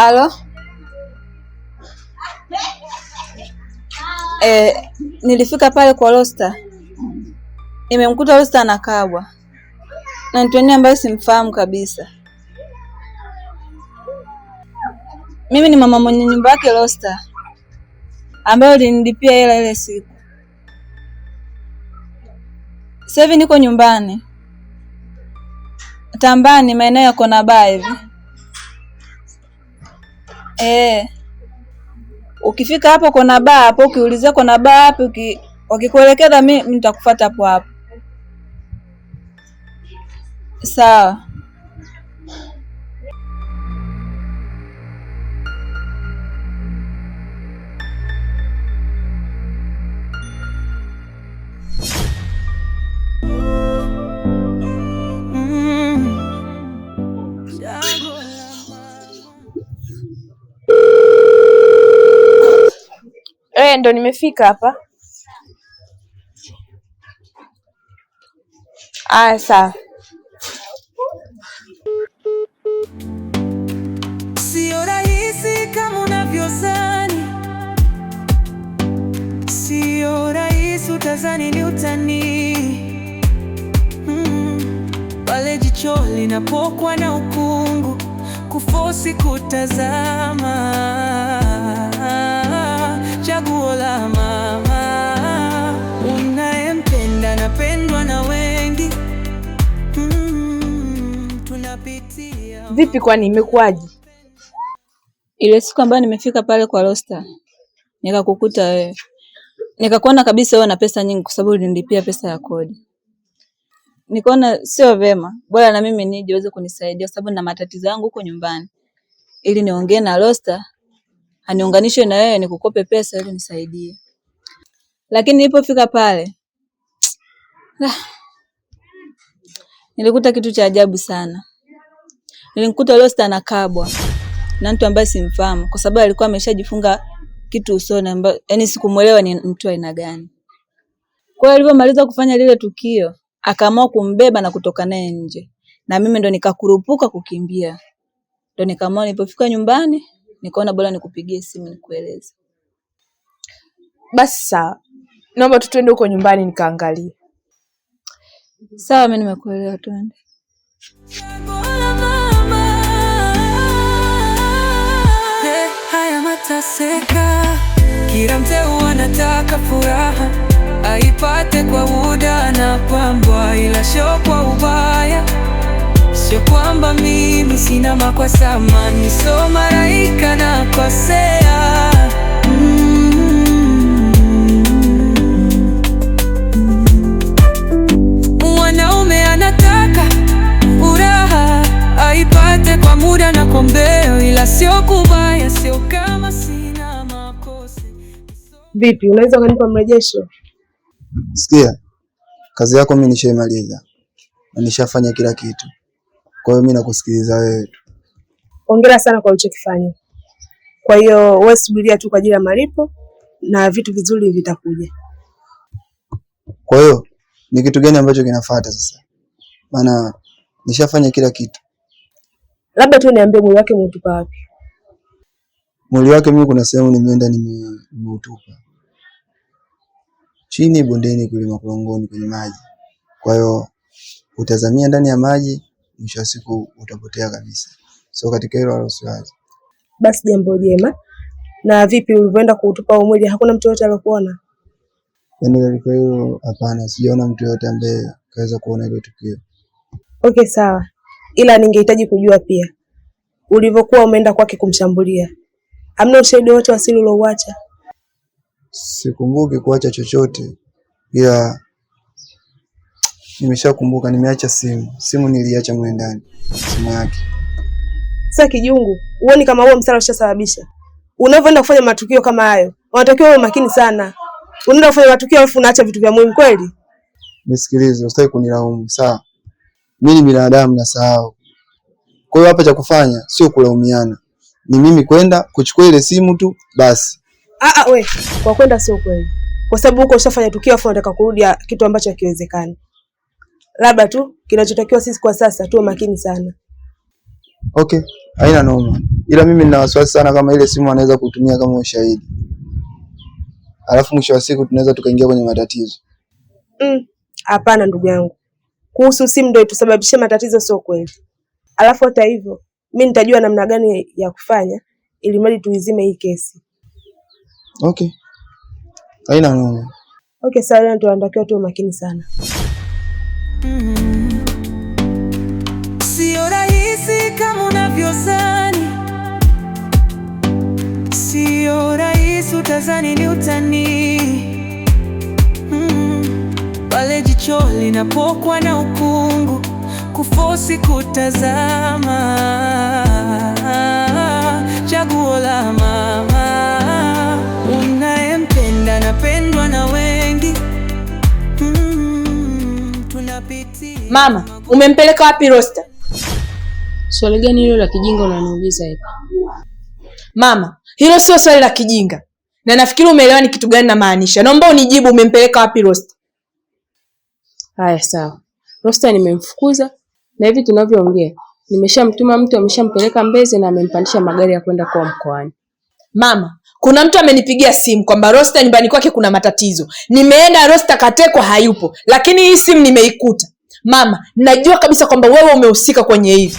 Halo. Eh, nilifika pale kwa Rosta, nimemkuta Rosta anakabwa na mtu ambaye simfahamu kabisa. Mimi ni mama mwenye nyumba yake Rosta, ambayo ulinilipia hela ile siku. Sasa hivi niko nyumbani Tambani, maeneo ya konabaa Baa hivi Eh. Ukifika hapo kona baa hapo, ukiulizia kona baa wapi, wakikuelekeza mimi nitakufuata hapo hapo. Sawa. Sherehe ndo nimefika hapa. Aya, sawa. Sio rahisi kama unavyozani, sio rahisi, utazani ni utani hmm. pale. Mm, jicho linapokuwa na ukungu, kufosi kutazama la mama unayempenda, napendwa na wengi mm, tunapitia vipi? Kwani imekuwaje? Ile siku ambayo nimefika pale kwa Rosta nikakukuta wewe, nikakuona kabisa wewe na pesa nyingi, kwa sababu ulinilipia pesa ya kodi. Nikaona sio vema, bora na mimi nije uweze kunisaidia, kwa sababu na matatizo yangu huko nyumbani, ili niongee na Rosta aniunganishe na wewe nikukope pesa ili nisaidie. Lakini nilipofika pale ah, nilikuta kitu cha ajabu sana. Nilimkuta Losta kabwa na mtu ambaye simfahamu, kwa sababu alikuwa ameshajifunga kitu usoni, ambayo yani sikumuelewa ni mtu aina gani. Kwa hiyo alipomaliza kufanya lile tukio, akaamua kumbeba na kutoka naye nje, na mimi ndo nikakurupuka kukimbia, ndo nikaamua nilipofika nyumbani nikaona bora nikupigie simu nikueleze. Basi sawa, naomba tu twende huko nyumbani nikaangalie. Sawa, mimi nimekuelewa, twende. Haya mataseka, kila mteu anataka furaha aipate kwa muda na pambwa, ila sio kwa ubaya. Sio kwamba mimi sina makosa, mimi sio malaika nakosea. mm -hmm. Mwanaume anataka furaha aipate kwa muda na kwa mbeo, ila sio kubaya, sio kama sina makosa. Vipi, unaweza ukanipa mrejesho? Sikia, kazi yako mimi nishaimaliza na nishafanya kila kitu kwa hiyo mimi nakusikiliza wewe tu. Hongera sana kwa ulichokifanya. Kwa hiyo wewe subiria tu kwa ajili ya malipo na vitu vizuri vitakuja. Kwa hiyo ni kitu gani ambacho kinafuata sasa? Maana nishafanya kila kitu. Labda tu niambie mwili wake umetupa wapi? Mwili wake mimi kuna sehemu nimeenda nimeutupa chini bondeni kule makorongoni kwenye maji. Kwa hiyo utazamia ndani ya maji mwisho wa siku utapotea kabisa. So katika hilo wala usiwaze. Basi jambo jema. Na vipi ulivyoenda kuutupa huo mwili, hakuna mtu yote aliyokuona? Yaani katika hilo hapana, sijaona mtu yote ambaye kaweza kuona hilo tukio. Okay, sawa, ila ningehitaji kujua pia ulivyokuwa umeenda kwake kumshambulia, amna ushahidi wote wa siri uliouacha? Sikumbuki kuacha chochote ila Nimeshakumbuka, nimeacha simu. Simu niliacha mwe ndani, simu yake. Sasa kijungu, uone kama huo msala ushasababisha. Unavyoenda kufanya matukio kama hayo, unatakiwa uwe makini sana. Unaenda kufanya matukio alafu unaacha vitu vya muhimu kweli? Nisikilize, usitaki kunilaumu, sawa? Mimi ni binadamu na sahau. Kwa hiyo hapa cha kufanya sio kulaumiana. Ni mimi kwenda kuchukua ile simu tu basi. Ah ah, we, kwa kwenda sio kweli. Kwa sababu huko ushafanya tukio afu unataka kurudia ah, kitu ambacho hakiwezekani labda tu kinachotakiwa sisi kwa sasa tuwe makini sana. Okay, haina noma, ila mimi nina wasiwasi sana kama ile simu anaweza kutumia kama ushahidi, alafu mwisho wa siku tunaweza tukaingia kwenye matatizo. Mm, hapana, mm, ndugu yangu, kuhusu simu ndio itusababishe matatizo, sio kweli. Alafu hata hivyo mi nitajua namna gani ya kufanya ili mradi tuizime hii kesi. Okay, haina noma. Okay, sawa, tunatakiwa tuwe makini sana mm -hmm. Sio rahisi kama unavyozani, sio rahisi, utazani ni utani mm -hmm. jicho linapokwa na ukungu, kufosi kutazama, chaguo la mama Mama, umempeleka wapi Rosta? Swali gani hilo la kijinga unaniuliza hapa? Mama, hilo sio swali la kijinga, na nafikiri umeelewa ni kitu gani namaanisha. Naomba unijibu, umempeleka wapi Rosta? Haya, sawa. Rosta nimemfukuza na hivi tunavyoongea nimeshamtuma mtu, ameshampeleka Mbezi na amempandisha magari ya kwenda kwa mkoani. Mama, kuna mtu amenipigia simu kwamba Rosta nyumbani kwake kuna matatizo. Nimeenda Rosta katekwa, hayupo, lakini hii simu nimeikuta mama, najua kabisa kwamba wewe umehusika kwenye hivi.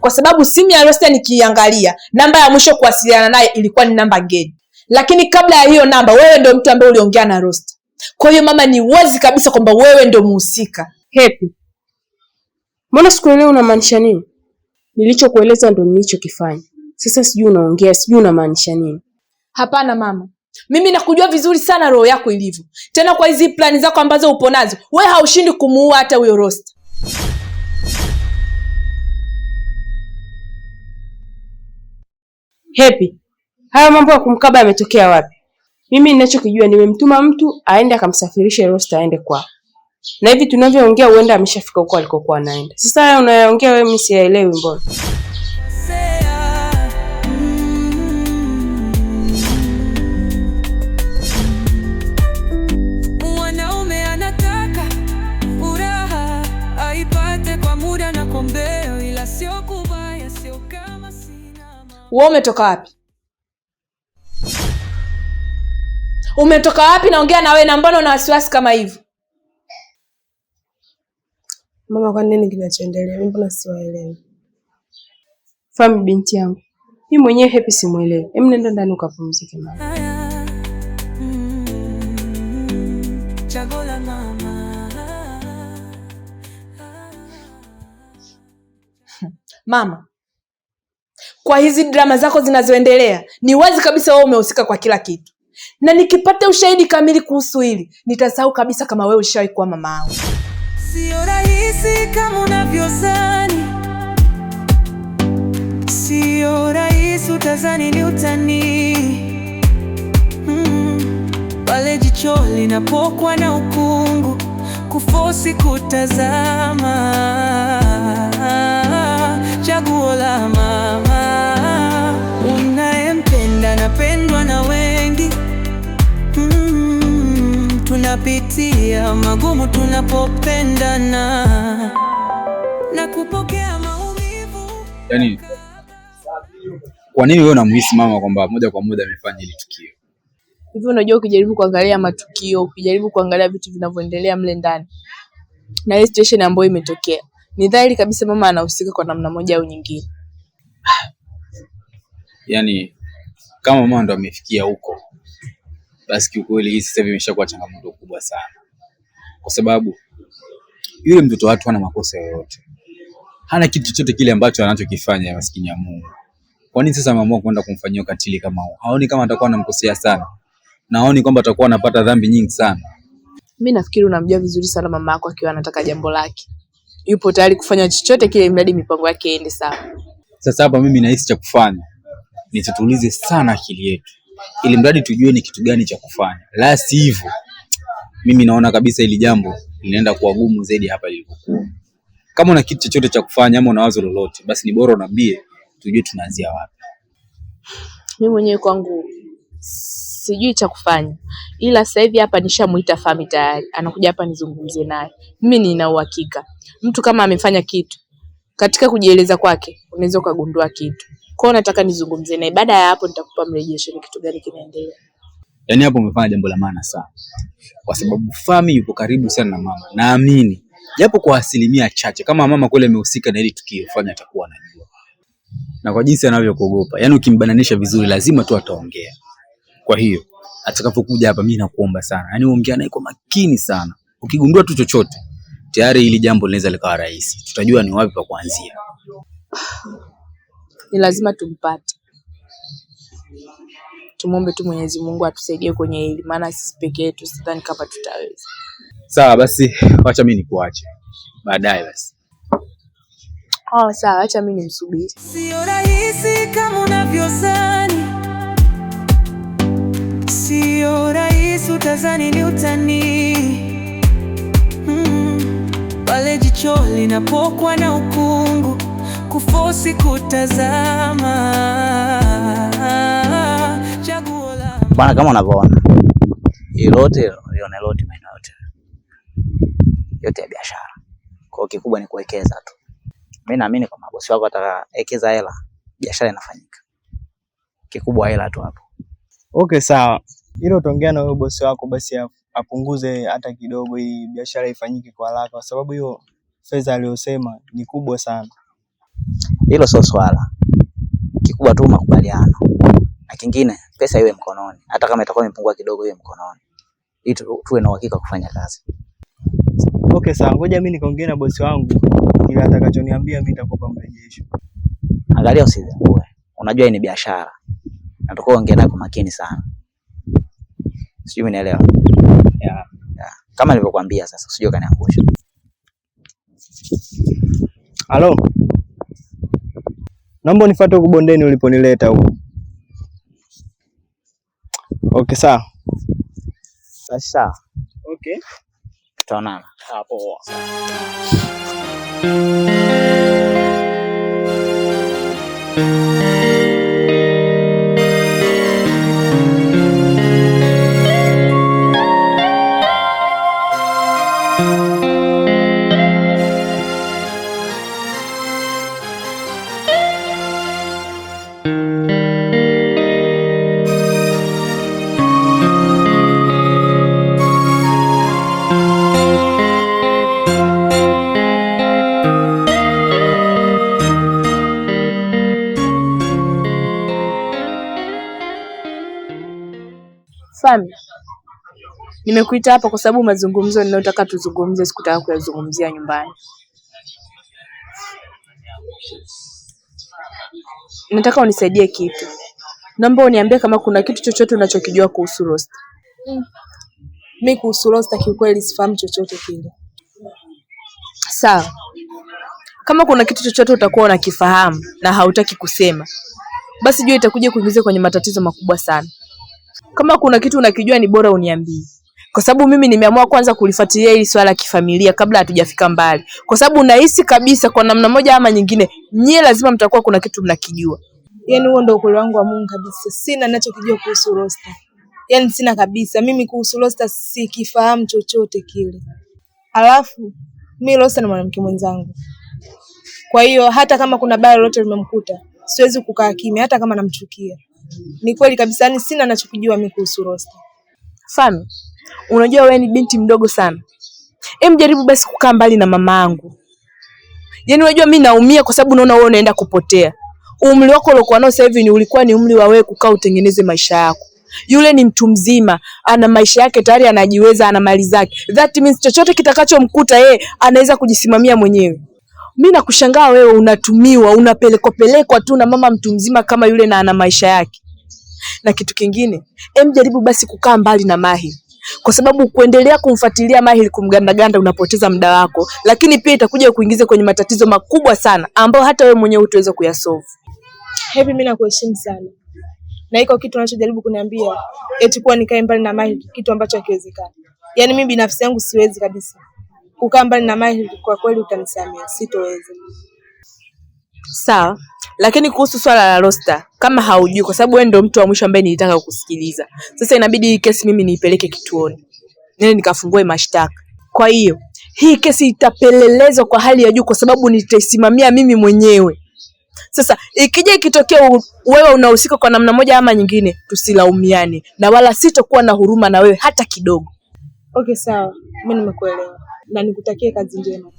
Kwa sababu simu ya Rosita nikiangalia, namba ya mwisho kuwasiliana naye ilikuwa ni namba geni lakini kabla ya hiyo namba wewe ndio mtu ambaye uliongea na Rosita. Kwa hiyo mama, ni wazi kabisa kwamba wewe ndio muhusika. hepi mbona sikuelewa unamaanisha nini? Nilichokueleza ndio nilichokifanya. Sasa sijui unaongea, sijui unamaanisha nini? Hapana mama, mimi nakujua vizuri sana roho yako ilivyo. Tena kwa hizi plani zako ambazo upo nazo, we haushindi kumuua hata huyo Rosta. Hepi, haya mambo ya kumkaba yametokea wapi? Mimi ninachokijua nimemtuma mtu aende akamsafirishe Rosta aende kwa na hivi tunavyoongea huenda ameshafika huko alikokuwa anaenda. Sasa haya unayaongea wewe, mimi siyaelewi mbona? wewe umetoka wapi? Umetoka wapi? Naongea na wewe na mbona una wasiwasi kama hivyo? Mama, kwa nini kinachoendelea? Mimi mbona siwaelewi? Fahamu binti yangu, mimi mwenyewe Happy simuelewi. Hem, nenda ndani ukapumzike mama. Mm-hmm. Mama, kwa hizi drama zako zinazoendelea, ni wazi kabisa wewe umehusika kwa kila kitu, na nikipata ushahidi kamili kuhusu hili nitasahau kabisa kama wewe ushawahi kuwa mama yangu. Sio rahisi kama unavyozani, sio rahisi, utazani ni utani mm-hmm. pale mm, jicho linapokwa na ukungu kufosi kutazama, chaguo la mama tunapitia magumu tunapopendana na kupokea maumivu. Yani, kwa nini wewe unamuhisi mama kwamba moja kwa moja amefanya hili tukio hivi? Unajua, ukijaribu kuangalia matukio, ukijaribu kuangalia vitu vinavyoendelea mle ndani na ile situation ambayo imetokea, ni dhahiri kabisa mama anahusika kwa namna moja au nyingine. Yani kama mama ndo amefikia huko basi kiukweli hii sasa hivi imeshakuwa changamoto kubwa sana, kwa sababu yule mtoto watu hana makosa yoyote, hana kitu chochote kile ambacho anachokifanya maskini ya Mungu. Kwa nini sasa ameamua kwenda kumfanyia ukatili kama huo? Haoni kama atakuwa anamkosea sana, naoni kwamba atakuwa anapata dhambi nyingi sana. Mimi nafikiri unamjua vizuri sana mama yako, akiwa anataka jambo lake yupo tayari kufanya chochote kile, mradi mipango yake iende sawa. Sasa hapa mimi nahisi cha kufanya nitatulize sana akili yetu ili mradi tujue ni kitu gani cha kufanya, Last hivyo, mimi naona kabisa hili jambo linaenda kuwa gumu zaidi hapa lilipokuwa. Kama una kitu chochote cha kufanya ama una wazo lolote, basi ni bora unambie tujue tunaanzia wapi. Mimi mwenyewe kwangu sijui cha kufanya, ila sasa hivi hapa nishamuita Fami tayari, anakuja hapa nizungumzie naye. Mimi nina uhakika mtu kama amefanya kitu katika kujieleza kwake, unaweza ukagundua kitu. Kwa nataka nizungumze naye, baada ya hapo nitakupa mrejesho ni kitu gani kinaendelea. Yaani hapo umefanya jambo la maana sana, kwa sababu Fami yupo karibu sana na mama, naamini japo kwa asilimia chache, kama mama kule amehusika na hili tukio, fanya, atakuwa anajua, na kwa jinsi anavyokuogopa, yaani ukimbananisha vizuri, lazima tu ataongea. Kwa hiyo atakapokuja hapa, mimi nakuomba sana, yaani uongea naye kwa makini sana. Ukigundua tu chochote, tayari hili jambo linaweza likawa rahisi, tutajua ni wapi pa kuanzia ni lazima tumpate. Tumwombe tu Mwenyezi Mungu atusaidie kwenye hili, maana sisi peke yetu sidhani kama tutaweza. Sawa basi, wacha mimi nikuache baadaye basi. Oh, sawa, acha mimi nimsubiri. Sio rahisi kama unavyozani, sio rahisi, utazani ni utani mm-hmm. pale mm, jicho linapokwa na ukungu kufosi kutazama chaguo la bwana, kama unavyoona ilote lione lote, maeneo yote yote ya biashara. Kwa kikubwa ni kuwekeza tu. Mimi naamini kwa mabosi wako atakawekeza hela, biashara inafanyika. Kikubwa hela tu hapo. Okay, sawa, ilo utaongea na huyo bosi wako basi apunguze hata kidogo, hii biashara ifanyike kwa haraka, kwa sababu hiyo fedha aliyosema ni kubwa sana. Hilo sio swala kikubwa, tu makubaliano, na kingine pesa iwe mkononi, hata kama itakuwa imepungua kidogo, iwe mkononi, ili tuwe na uhakika kufanya kazi. Okay, sawa, ngoja mimi nikaongea na bosi wangu, kila atakachoniambia mimi nitakupa mrejesho. Angalia usizungue, unajua hii ni biashara, natakuwa ongea naye kwa makini sana, sijui unaelewa? yeah. yeah. kama nilivyokuambia, sasa sijui kaniangusha. Halo. Naomba unifuate huko bondeni uliponileta huko. Okay, sawa. Sasa. Okay. Tutaonana. Hapo. Ah, Fami, nimekuita hapa kwa sababu mazungumzo ninayotaka tuzungumze sikutaka kuyazungumzia nyumbani. Nataka unisaidie kitu, naomba uniambie kama kuna kitu chochote unachokijua kuhusu Rosta. Mm. Mi kuhusu Rosta kiukweli sifahamu chochote kile. Sawa, kama kuna kitu chochote utakuwa unakifahamu na hautaki kusema, basi jua itakuja kuingiza kwenye matatizo makubwa sana. Kama kuna kitu unakijua ni bora uniambie, kwa sababu mimi nimeamua kwanza kulifuatilia hili swala kifamilia kabla hatujafika mbali, kwa sababu nahisi kabisa kwa namna moja ama nyingine nyie lazima mtakuwa kuna kitu mnakijua. Yani huo ndio ukweli wangu wa Mungu kabisa, sina ninachokijua kuhusu Rosta. Yani sina kabisa mimi kuhusu Rosta, sikifahamu chochote kile. Alafu mimi Rosta ni mwanamke mwenzangu, kwa hiyo hata kama kuna baya lolote limemkuta siwezi kukaa kimya, hata kama namchukia ni kweli kabisa, yani sina nachokijua mimi kuhusu rosta. Fami, unajua wewe ni binti mdogo sana. Hem, jaribu basi kukaa mbali na mama yangu. Yaani unajua mimi naumia kwa sababu naona wewe unaenda kupotea. Umri wako uliokuwa nao sasa hivi ni ulikuwa ni umri wa wewe kukaa utengeneze maisha yako. Yule ni mtu mzima, ana maisha yake tayari, anajiweza, ana mali zake. That means chochote kitakachomkuta yeye anaweza kujisimamia mwenyewe mi nakushangaa wewe, unatumiwa unapelekwa pelekwa tu na mama mtu mzima kama yule, na ana maisha yake. Na kitu kingine, em, jaribu basi kukaa mbali na Mahi kwa sababu kuendelea kumfuatilia Mahili kumgandaganda, unapoteza muda wako, lakini pia itakuja kuingiza kwenye matatizo makubwa sana ambayo hata wewe mwenyewe utaweza kuyasolve. Hevi, mimi nakuheshimu sana, na iko kitu unachojaribu kuniambia eti kuwa nikae mbali na Mahili, kitu ambacho hakiwezekani. Yaani mimi binafsi yangu siwezi kabisa kukaa mbali na maji, kwa kweli utanisamea, sitoweza. Sawa, lakini kuhusu swala la roster, kama haujui, kwa sababu wewe ndio mtu wa mwisho ambaye nilitaka kukusikiliza. Sasa inabidi hii kesi mimi niipeleke kituoni, nene nikafungue mashtaka. Kwa hiyo hii kesi itapelelezwa kwa hali ya juu, kwa sababu nitaisimamia mimi mwenyewe. Sasa ikija ikitokea wewe unahusika kwa namna moja ama nyingine, tusilaumiane na wala sitokuwa na huruma na wewe hata kidogo. Okay, sawa, mimi nimekuelewa na nikutakie kazi njema.